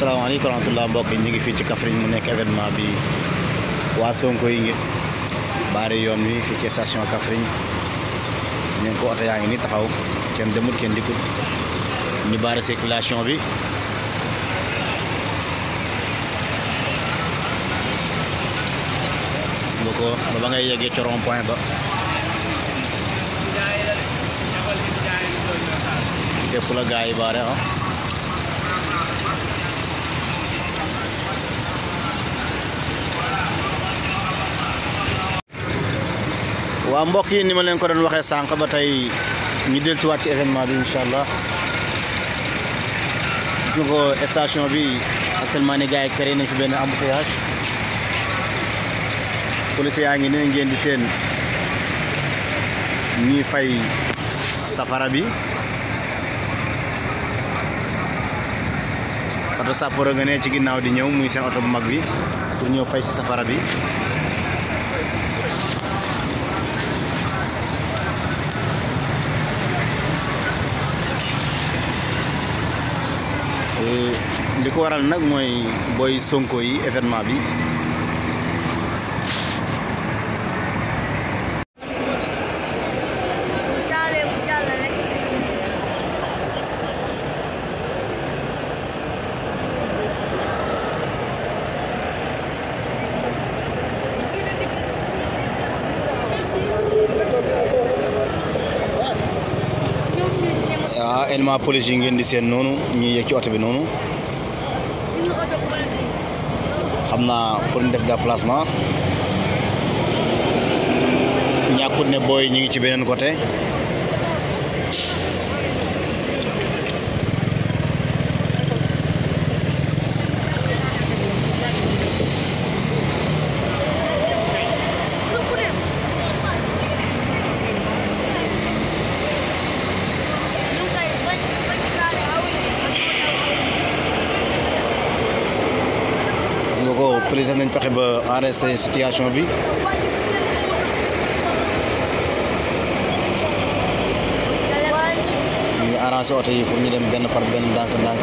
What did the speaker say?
asalaamaaleykum wa rahmatulah mbokk ñu ngi fii ci Kaffrine mu nekk événement bi waa Sonko yi ngi baare yoon wi fii ci station Kaffrine dinañ ko oto yaa ngi nii taxaw kenn demul kenn dikkul ñu baare circulation bi gis nga ko ba ba ngay yeggee ci point ba fépp la gaa yi baare ah. waaw mbokk yi ni ma leen ko doon waxee sànq ba tey ñu del ci waat ci événement bi incha allah gis nga ko station bi actuellement ni gars yi kër yi nañ fi benn embouteillage police yaa ngi ne ngeen di seen ñii fay safara bi oto saporo nga ne ci ginnaaw di ñëw muy seen oto bu mag bi pour ñëw fay si safara bi li ko waral nak moy boy Sonko yi evenement bi elma police yi ngeen di seen noonu ñuy yegg ci oto bi noonu xam naa pour ñu def déplacement ñàkkut ne booy ñu ngi ci beneen côté gis ko président nañ pexe ba arrêté situation bi ñu ngi arrangé oto yi pour ñu dem benn par benn ndànk-ndànk